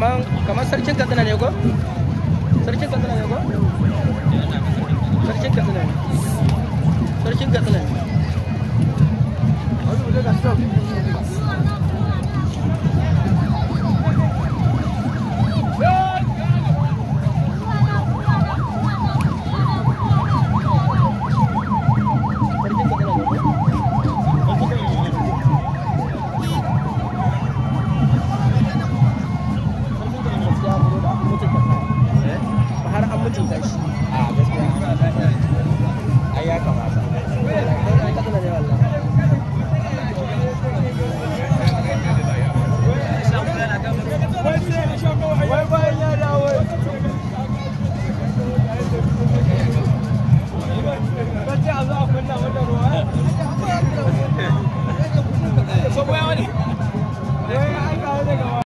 kamar kamar sarkin k a t s n a ne ko sarkin k a t s n a ne ko sarkin k a t s n a ne sarkin katsina ne 正在吃啊，没边